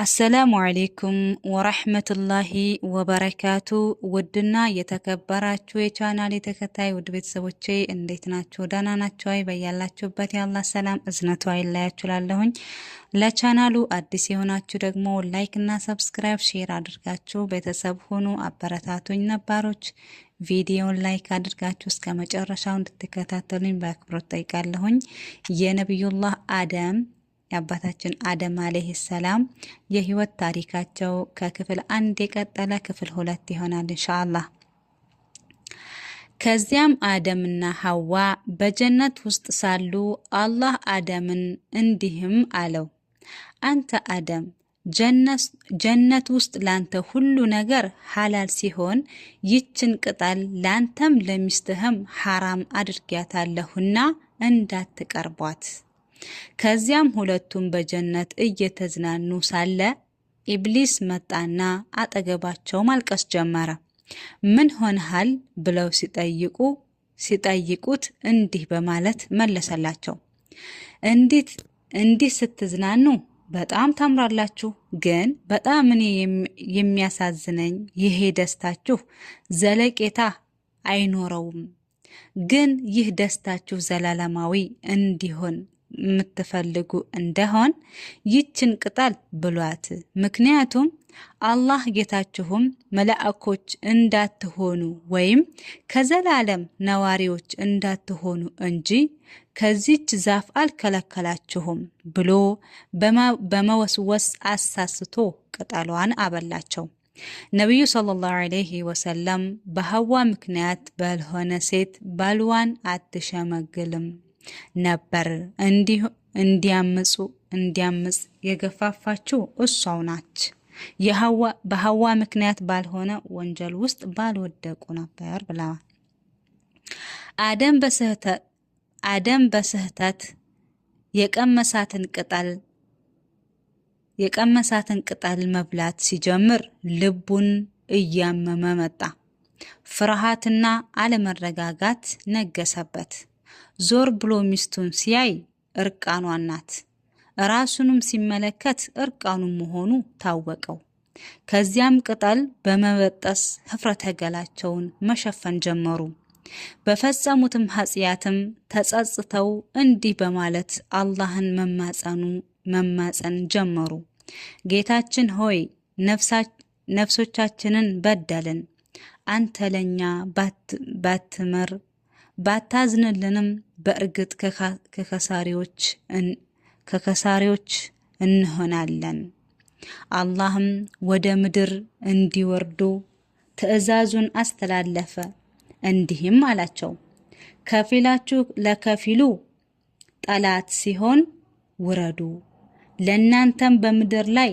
አሰላሙ አሌይኩም ወራህመቱላሂ ወበረካቱ። ውድና የተከበራችሁ የቻናል የተከታይ ውድ ቤተሰቦቼ እንዴት ናችሁ? ደህና ናችሁ? አይ በያላችሁበት የአላህ ሰላም እዝነቱ አይለያችሁ። ለቻናሉ አዲስ የሆናችሁ ደግሞ ላይክና ሰብስክራይብ ሼር አድርጋችሁ ቤተሰብ ሆኑ አበረታቱኝ። ነባሮች ቪዲዮን ላይክ አድርጋችሁ እስከ መጨረሻው እንድትከታተሉኝ በአክብሮት ጠይቃለሁኝ። የነቢዩላህ አደም የአባታችን አደም አለህ ሰላም የህይወት ታሪካቸው ከክፍል አንድ የቀጠለ ክፍል ሁለት ይሆናል እንሻአላህ። ከዚያም አደምና ሐዋ በጀነት ውስጥ ሳሉ አላህ አደምን እንዲህም አለው፣ አንተ አደም ጀነት ውስጥ ላንተ ሁሉ ነገር ሐላል ሲሆን ይችን ቅጠል ላንተም ለሚስትህም ሐራም አድርጊያታለሁና እንዳትቀርቧት ከዚያም ሁለቱም በጀነት እየተዝናኑ ሳለ ኢብሊስ መጣና አጠገባቸው ማልቀስ ጀመረ። ምን ሆነሃል ብለው ሲጠይቁ ሲጠይቁት እንዲህ በማለት መለሰላቸው። እንዴት እንዲህ ስትዝናኑ በጣም ታምራላችሁ፣ ግን በጣም እኔ የሚያሳዝነኝ ይሄ ደስታችሁ ዘለቄታ አይኖረውም። ግን ይህ ደስታችሁ ዘላለማዊ እንዲሆን የምትፈልጉ እንደሆን ይችን ቅጠል ብሏት። ምክንያቱም አላህ ጌታችሁም መላእኮች እንዳትሆኑ ወይም ከዘላለም ነዋሪዎች እንዳትሆኑ እንጂ ከዚች ዛፍ አልከለከላችሁም ብሎ በመወስወስ አሳስቶ ቅጠሏን አበላቸው። ነቢዩ ሰለላሁ ዐለይሂ ወሰለም በሀዋ ምክንያት ባልሆነ ሴት ባልዋን አትሸመግልም ነበር እንዲያምፁ እንዲያምፅ የገፋፋችው እሷው ናች። በሀዋ ምክንያት ባልሆነ ወንጀል ውስጥ ባልወደቁ ነበር ብለዋል። አደም በስህተት የቀመሳትን ቅጠል የቀመሳትን ቅጠል መብላት ሲጀምር ልቡን እያመመ መጣ። ፍርሃትና አለመረጋጋት ነገሰበት። ዞር ብሎ ሚስቱን ሲያይ እርቃኗ ናት። ራሱንም ሲመለከት እርቃኑ መሆኑ ታወቀው። ከዚያም ቅጠል በመበጠስ ህፍረተ ገላቸውን መሸፈን ጀመሩ። በፈጸሙትም ኃጢአትም ተጸጽተው እንዲህ በማለት አላህን መማጸኑ መማጸን ጀመሩ። ጌታችን ሆይ ነፍሶቻችንን በደልን፣ አንተ ለእኛ ባትምር ባታዝንልንም በእርግጥ ከከሳሪዎች እንሆናለን። አላህም ወደ ምድር እንዲወርዱ ትዕዛዙን አስተላለፈ። እንዲህም አላቸው፣ ከፊላችሁ ለከፊሉ ጠላት ሲሆን ውረዱ፣ ለእናንተም በምድር ላይ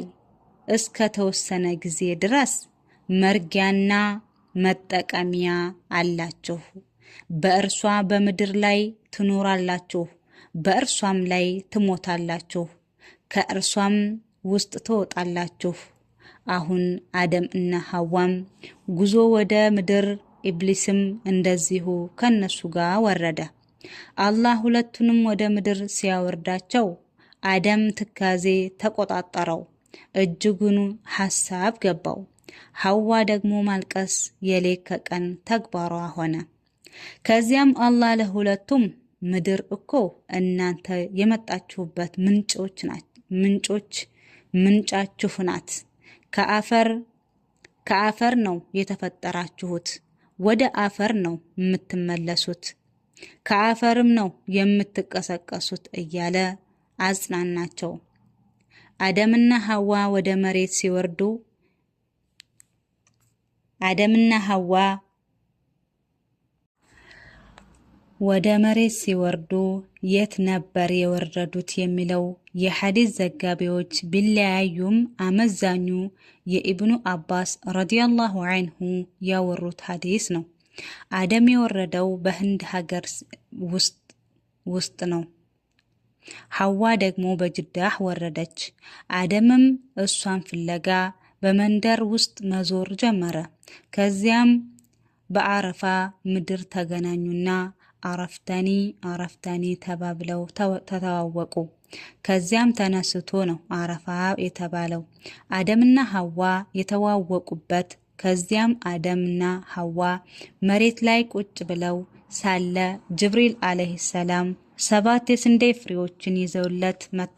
እስከ ተወሰነ ጊዜ ድረስ መርጊያና መጠቀሚያ አላችሁ። በእርሷ በምድር ላይ ትኖራላችሁ፣ በእርሷም ላይ ትሞታላችሁ፣ ከእርሷም ውስጥ ትወጣላችሁ። አሁን አደም እና ሐዋም ጉዞ ወደ ምድር፣ ኢብሊስም እንደዚሁ ከነሱ ጋር ወረደ። አላህ ሁለቱንም ወደ ምድር ሲያወርዳቸው አደም ትካዜ ተቆጣጠረው፣ እጅጉን ሐሳብ ገባው። ሐዋ ደግሞ ማልቀስ የሌከ ቀን ተግባሯ ሆነ። ከዚያም አላህ ለሁለቱም ምድር እኮ እናንተ የመጣችሁበት ምንጮች ምንጮች ምንጫችሁ ናት። ከአፈር ከአፈር ነው የተፈጠራችሁት። ወደ አፈር ነው የምትመለሱት። ከአፈርም ነው የምትቀሰቀሱት እያለ አጽናናቸው። አደምና ሐዋ ወደ መሬት ሲወርዱ አደምና ሐዋ ወደ መሬት ሲወርዱ የት ነበር የወረዱት የሚለው የሐዲስ ዘጋቢዎች ቢለያዩም አመዛኙ የኢብኑ አባስ ረዲያላሁ አንሁ ያወሩት ሐዲስ ነው። አደም የወረደው በህንድ ሀገር ውስጥ ነው። ሐዋ ደግሞ በጅዳህ ወረደች። አደምም እሷን ፍለጋ በመንደር ውስጥ መዞር ጀመረ። ከዚያም በአረፋ ምድር ተገናኙና አረፍተኒ አረፍተኒ ተባብለው ተተዋወቁ። ከዚያም ተነስቶ ነው አረፋ የተባለው አደምና ሐዋ የተዋወቁበት። ከዚያም አደምና ሐዋ መሬት ላይ ቁጭ ብለው ሳለ ጅብሪል አለይሂ ሰላም ሰባት የስንዴ ፍሬዎችን ይዘውለት መጣ።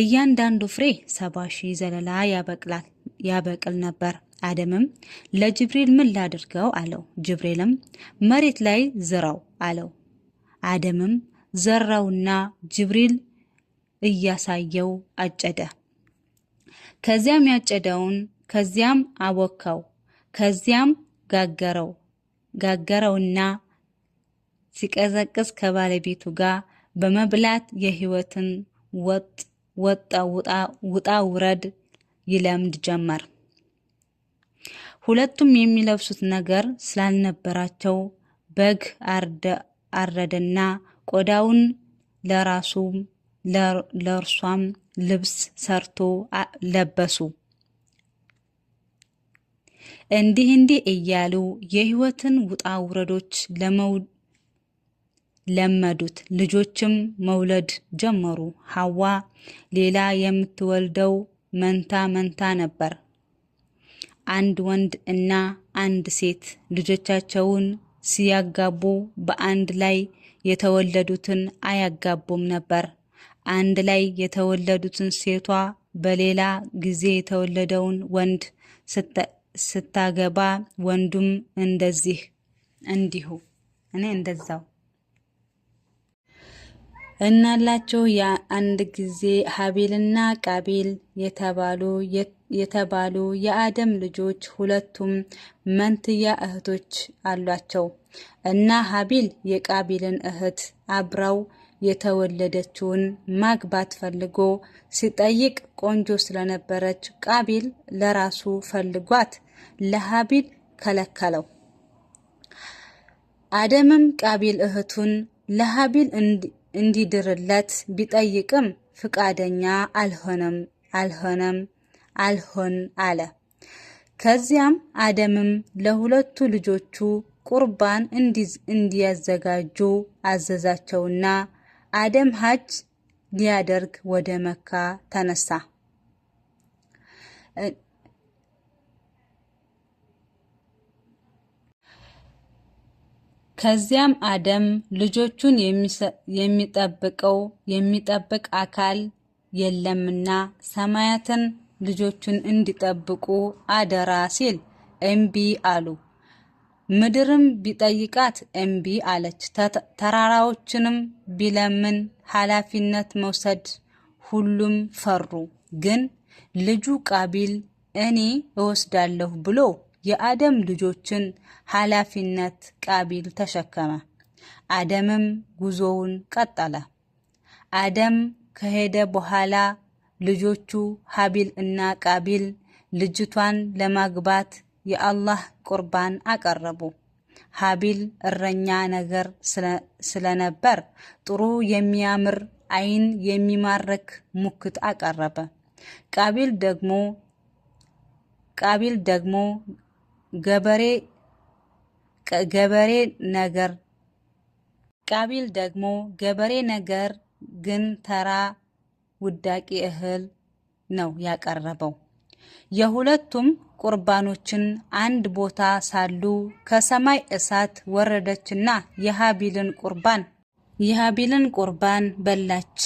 እያንዳንዱ ፍሬ ሰባ ሺህ ዘለላ ያበቅላል ያበቅል ነበር። አደምም ለጅብሪል ምን ላድርገው አለው። ጅብሪልም መሬት ላይ ዝራው አለው። አደምም ዘራውና ጅብሪል እያሳየው አጨደ። ከዚያም ያጨደውን ከዚያም አቦካው ከዚያም ጋገረው ጋገረውና ሲቀዘቅዝ ከባለቤቱ ጋር በመብላት የህይወትን ወጥ ወጣ ውጣ ውረድ ይለምድ ጀመር። ሁለቱም የሚለብሱት ነገር ስላልነበራቸው በግ አረደና ቆዳውን ለራሱም ለእርሷም ልብስ ሰርቶ ለበሱ። እንዲህ እንዲህ እያሉ የሕይወትን ውጣ ውረዶች ለመዱት። ልጆችም መውለድ ጀመሩ። ሐዋ ሌላ የምትወልደው መንታ መንታ ነበር። አንድ ወንድ እና አንድ ሴት ልጆቻቸውን ሲያጋቡ በአንድ ላይ የተወለዱትን አያጋቡም ነበር። አንድ ላይ የተወለዱትን ሴቷ በሌላ ጊዜ የተወለደውን ወንድ ስታገባ ወንዱም እንደዚህ እንዲሁ እኔ እንደዛው እናላቸው የአንድ ጊዜ ሀቢልና ቃቢል የተባሉ የተባሉ የአደም ልጆች ሁለቱም መንትያ እህቶች አሏቸው እና ሀቢል የቃቢልን እህት አብራው የተወለደችውን ማግባት ፈልጎ ሲጠይቅ ቆንጆ ስለነበረች ቃቢል ለራሱ ፈልጓት ለሀቢል ከለከለው። አደምም ቃቢል እህቱን ለሀቢል እንዲድርለት ቢጠይቅም ፍቃደኛ አልሆነም አልሆነም። አልሆን አለ። ከዚያም አደምም ለሁለቱ ልጆቹ ቁርባን እንዲያዘጋጁ አዘዛቸውና አደም ሀጅ ሊያደርግ ወደ መካ ተነሳ። ከዚያም አደም ልጆቹን የሚጠብቀው የሚጠብቅ አካል የለምና ሰማያትን ልጆቹን እንዲጠብቁ አደራ ሲል እምቢ አሉ። ምድርም ቢጠይቃት እምቢ አለች። ተራራዎችንም ቢለምን ኃላፊነት መውሰድ ሁሉም ፈሩ። ግን ልጁ ቃቢል እኔ እወስዳለሁ ብሎ የአደም ልጆችን ኃላፊነት ቃቢል ተሸከመ። አደምም ጉዞውን ቀጠለ። አደም ከሄደ በኋላ ልጆቹ ሀቢል እና ቃቢል ልጅቷን ለማግባት የአላህ ቁርባን አቀረቡ። ሀቢል እረኛ ነገር ስለነበር ጥሩ የሚያምር አይን የሚማርክ ሙክት አቀረበ። ቃቢል ደግሞ ቃቢል ደግሞ ገበሬ ገበሬ ነገር ቃቢል ደግሞ ገበሬ ነገር ግን ተራ ውዳቂ እህል ነው ያቀረበው። የሁለቱም ቁርባኖችን አንድ ቦታ ሳሉ ከሰማይ እሳት ወረደችና የሃቢልን ቁርባን የሃቢልን ቁርባን በላች።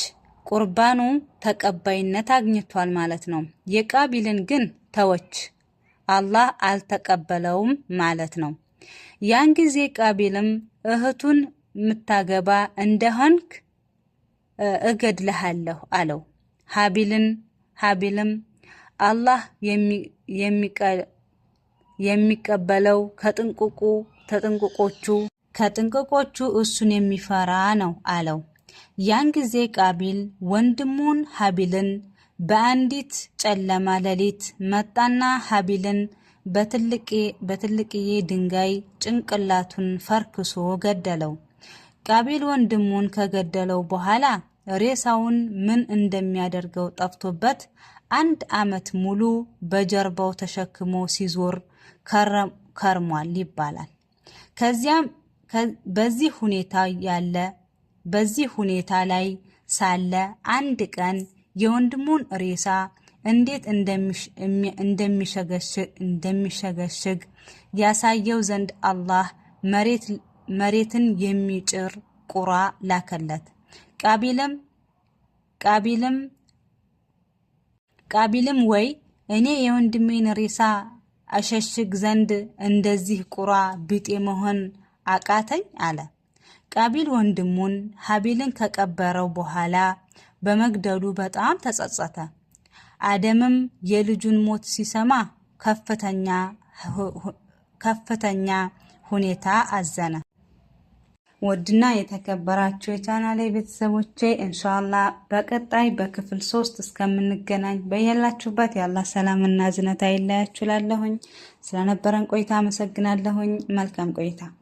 ቁርባኑ ተቀባይነት አግኝቷል ማለት ነው። የቃቢልን ግን ተወች፣ አላህ አልተቀበለውም ማለት ነው። ያን ጊዜ ቃቢልም እህቱን ምታገባ እንደሆንክ እገድልሃለሁ አለው። ሀቢልን ሀቢልም አላህ የሚቀበለው ከጥንቁቁ ተጥንቁቆቹ ከጥንቅቆቹ እሱን የሚፈራ ነው አለው። ያን ጊዜ ቃቢል ወንድሙን ሀቢልን በአንዲት ጨለማ ሌሊት መጣና ሀቢልን በትልቅዬ ድንጋይ ጭንቅላቱን ፈርክሶ ገደለው። ቃቢል ወንድሙን ከገደለው በኋላ ሬሳውን ምን እንደሚያደርገው ጠፍቶበት አንድ ዓመት ሙሉ በጀርባው ተሸክሞ ሲዞር ከርሟል ይባላል። ከዚያም በዚህ ሁኔታ ያለ በዚህ ሁኔታ ላይ ሳለ አንድ ቀን የወንድሙን ሬሳ እንዴት እንደሚሸገሽግ ያሳየው ዘንድ አላህ መሬት መሬትን የሚጭር ቁራ ላከለት። ቃቢልም ወይ እኔ የወንድሜን ሬሳ አሸሽግ ዘንድ እንደዚህ ቁራ ብጤ መሆን አቃተኝ አለ። ቃቢል ወንድሙን ሀቢልን ከቀበረው በኋላ በመግደሉ በጣም ተጸጸተ። አደምም የልጁን ሞት ሲሰማ ከፍተኛ ሁኔታ አዘነ። ውድና የተከበራችሁ የቻናሌ ቤተሰቦቼ እንሻላ በቀጣይ በክፍል ሶስት እስከምንገናኝ በያላችሁበት ያላ ሰላምና ዝነት አይለያችሁ። ላለሁኝ ስለነበረን ቆይታ አመሰግናለሁኝ። መልካም ቆይታ